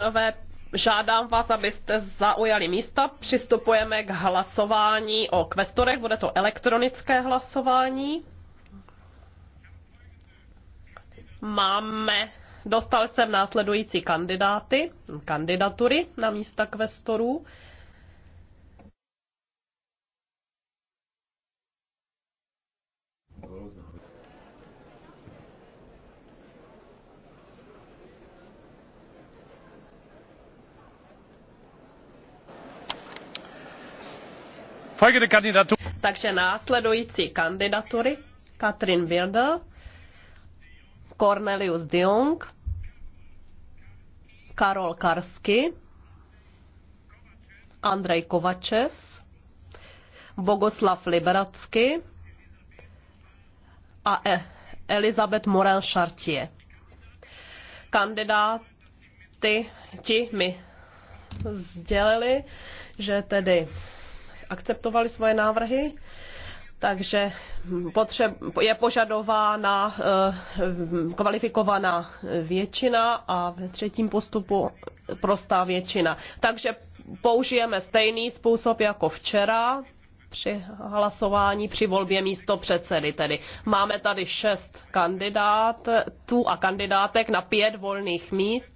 pánové, Žádám vás, abyste zaujali místa. Přistupujeme k hlasování o kvestorech. Bude to elektronické hlasování. Máme, dostal jsem následující kandidáty, kandidatury na místa kvestorů. Takže následující kandidatury. Katrin Wilder, Cornelius de Jong, Karol Karsky, Andrej Kovačev, Bogoslav Liberacky a e- Elizabeth Morel Chartier. Kandidáty ti mi sdělili, že tedy akceptovali svoje návrhy. Takže potřeb, je požadována eh, kvalifikovaná většina a ve třetím postupu prostá většina. Takže použijeme stejný způsob jako včera při hlasování při volbě místo předsedy. Tedy máme tady šest kandidátů a kandidátek na pět volných míst.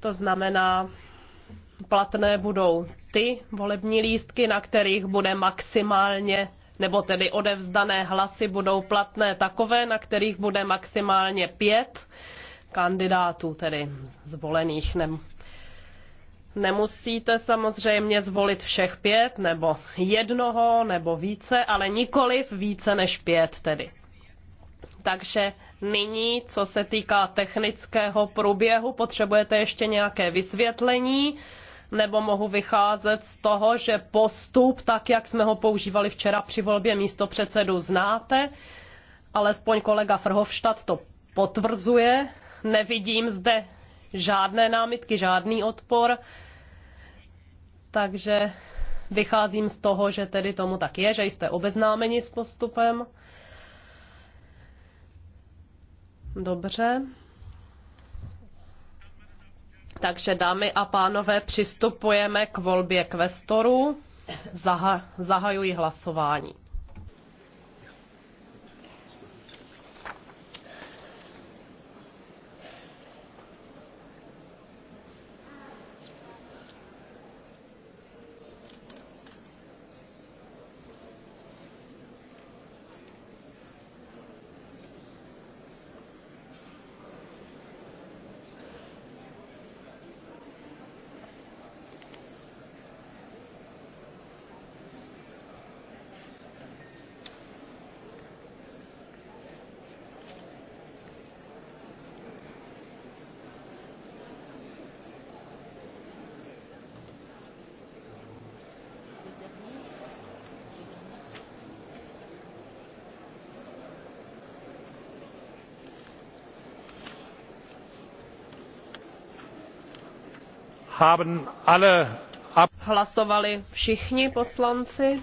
To znamená, platné budou ty volební lístky, na kterých bude maximálně nebo tedy odevzdané hlasy budou platné takové, na kterých bude maximálně pět kandidátů, tedy zvolených. Ne, nemusíte samozřejmě zvolit všech pět, nebo jednoho, nebo více, ale nikoliv více než pět tedy. Takže nyní, co se týká technického průběhu, potřebujete ještě nějaké vysvětlení nebo mohu vycházet z toho, že postup, tak jak jsme ho používali včera při volbě místo předsedu, znáte, alespoň kolega Frhovštad to potvrzuje, nevidím zde žádné námitky, žádný odpor, takže vycházím z toho, že tedy tomu tak je, že jste obeznámeni s postupem. Dobře. Takže dámy a pánové, přistupujeme k volbě kvestorů. Zaha- zahajuji hlasování. hlasovali všichni poslanci?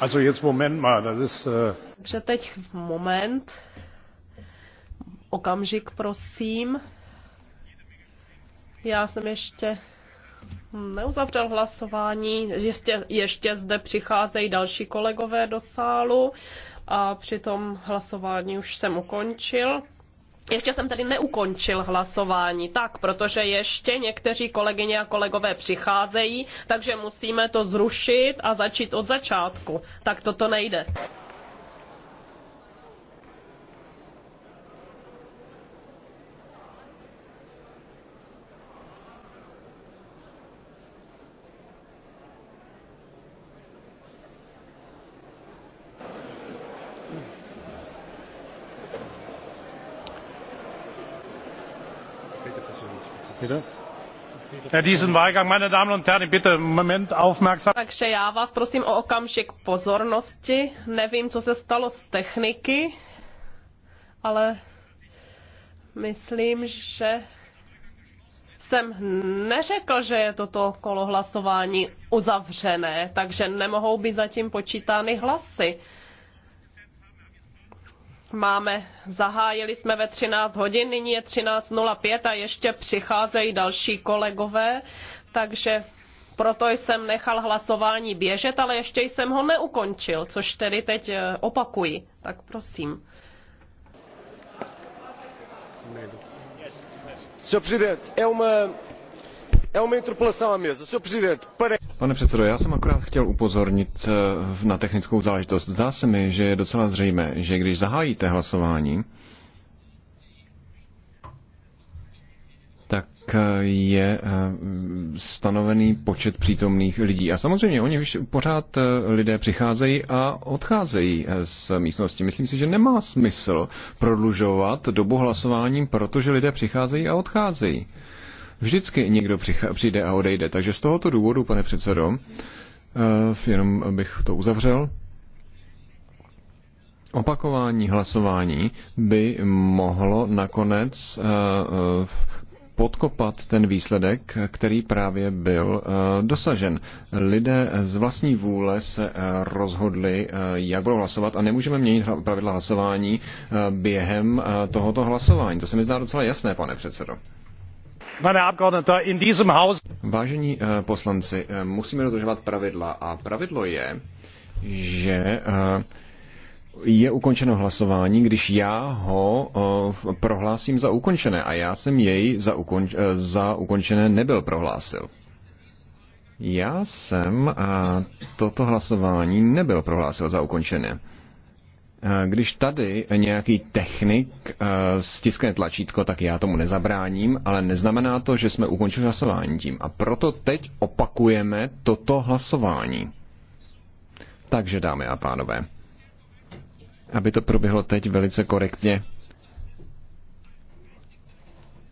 also jetzt Moment mal, das ist... Äh, Takže teď moment. Okamžik, prosím. Já jsem ještě neuzavřel hlasování. Ještě, ještě zde přicházejí další kolegové do sálu a při tom hlasování už jsem ukončil ještě jsem tady neukončil hlasování, tak, protože ještě někteří kolegyně a kolegové přicházejí, takže musíme to zrušit a začít od začátku. Tak toto nejde. Takže já vás prosím o okamžik pozornosti. Nevím, co se stalo z techniky, ale myslím, že jsem neřekl, že je toto kolo hlasování uzavřené, takže nemohou být zatím počítány hlasy máme, zahájili jsme ve 13 hodin, nyní je 13.05 a ještě přicházejí další kolegové, takže proto jsem nechal hlasování běžet, ale ještě jsem ho neukončil, což tedy teď eh, opakuji. Tak prosím. Sr. Presidente, é Pane předsedo, já jsem akorát chtěl upozornit eh, na technickou záležitost. Zdá se mi, že je docela zřejmé, že když zahájíte hlasování, tak eh, je eh, stanovený počet přítomných lidí. A samozřejmě oni už pořád lidé přicházejí a odcházejí z místnosti. Myslím si, že nemá smysl prodlužovat dobu hlasování, protože lidé přicházejí a odcházejí. Vždycky někdo přijde a odejde. Takže z tohoto důvodu, pane předsedo, eh, jenom bych to uzavřel, opakování hlasování by mohlo nakonec eh, eh, podkopat ten výsledek, který právě byl dosažen. Lidé z vlastní vůle se rozhodli, jak budou hlasovat a nemůžeme měnit pravidla hlasování během tohoto hlasování. To se mi zdá docela jasné, pane předsedo. Vážení eh, poslanci, eh, musíme dodržovat pravidla a pravidlo je, že eh, je ukončeno hlasování, když já ho prohlásím za ukončené a já jsem jej za, ukonč, za ukončené nebyl prohlásil. Já jsem toto hlasování nebyl prohlásil za ukončené. Eh, když tady nějaký technik eh, stiskne tlačítko, tak já tomu nezabráním, ale neznamená to, že jsme ukončili hlasování tím. A proto teď opakujeme toto hlasování. Takže, dámy a pánové, aby to proběhlo teď velice korektně,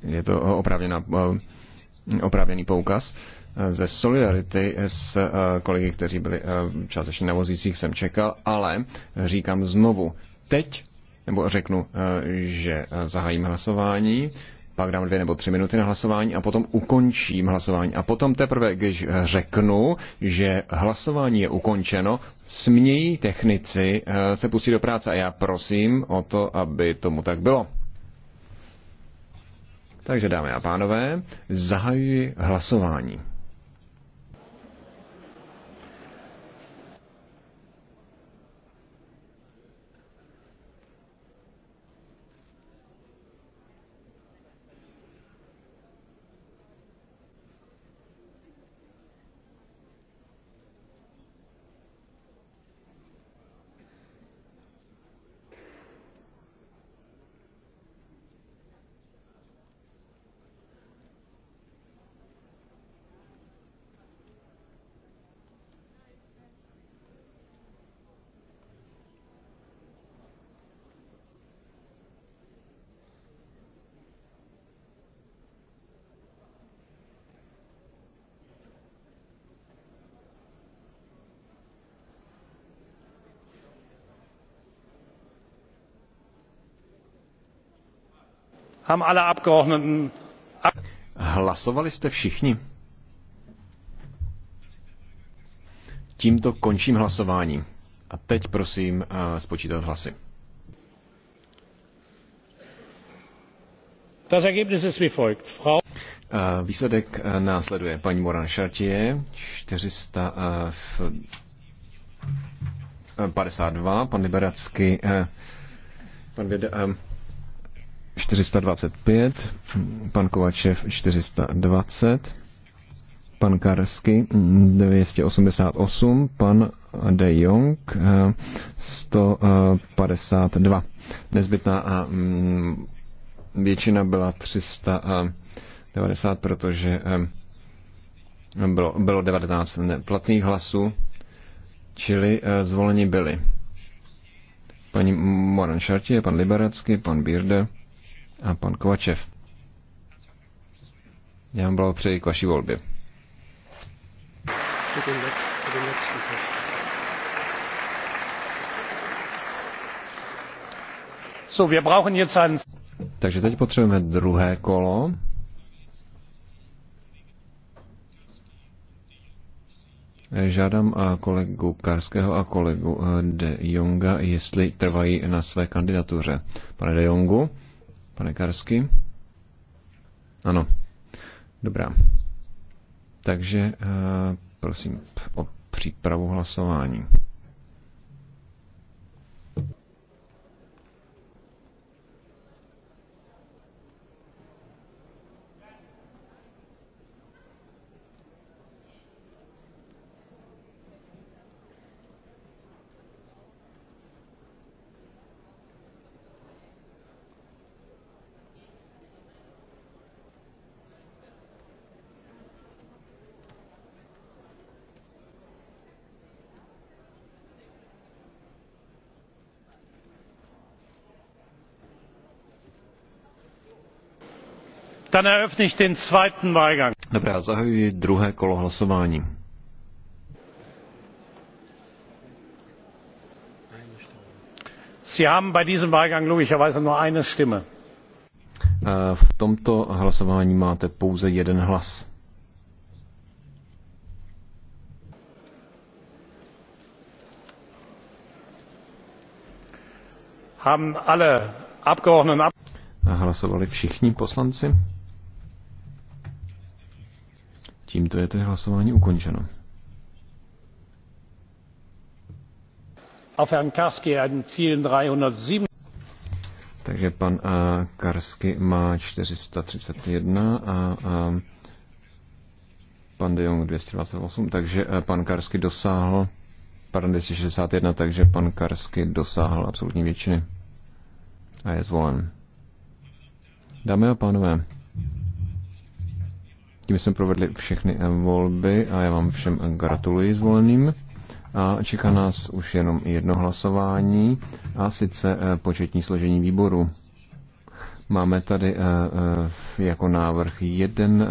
je to eh, opravdu na oprávněný poukaz eh, ze solidarity s eh, kolegy, kteří byli eh, částečně nevozících, jsem čekal, ale říkám znovu, teď, nebo řeknu, že zahájím hlasování, pak dám dvě nebo tři minuty na hlasování a potom ukončím hlasování. A potom teprve, když řeknu, že hlasování je ukončeno, smějí technici se pustit do práce a já prosím o to, aby tomu tak bylo. Takže dámy a pánové, zahajuji hlasování. Hlasovali jste všichni? Tímto končím hlasování. A teď prosím eh, spočítat hlasy. Das Ergebnis ist wie folgt. Frau eh, Výsledek eh, následuje paní Moran Šartie, 452, pan Liberacky, pan Věda, 425, pan Kovačev 420, pan Karsky 288, pan De Jong 152. Eh, Nezbytná a mm, většina byla 390, protože eh, bylo, bylo 19 neplatných hlasů, čili eh, zvoleni byli paní Moran Šartě, pan Liberacky, pan Birde, a pan Kovačev. Já vám přeji k vaší volbě. So, wir brauchen jetzt ein... Takže teď potřebujeme druhé kolo. Žádám eh, kolegu Karského a kolegu eh, De Jonga, jestli trvají na své kandidatuře. Pane De Jongu? Pane Karsky? Ano. Dobrá. Takže eh, prosím o přípravu hlasování. Dann eröffne ich den zweiten Wahlgang. Dobrá, zahajuji druhé kolo hlasování. Sie haben bei diesem Wahlgang logischerweise nur eine Stimme. Äh, v tomto hlasování máte pouze jeden hlas. Haben alle Abgeordneten Hlasovali všichni poslanci? Tímto je tedy hlasování ukončeno. Auf Herrn Karski Takže pan a, eh, Karsky má 431 a, a pan De Jong 228, eh, takže pan Karsky dosáhl, pardon 261, takže pan Karsky dosáhl absolutní většiny a je zvolen. Dámy a pánové, tím jsme provedli všechny eh, volby a já vám všem gratuluji zvoleným. A čeká nás už jenom jedno hlasování a sice eh, početní složení výboru. Máme tady eh, jako návrh jeden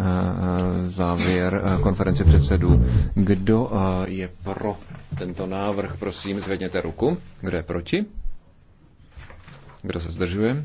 závěr konference předsedů. Kdo je pro tento návrh, prosím, zvedněte ruku. Kdo je proti? Kdo se zdržuje?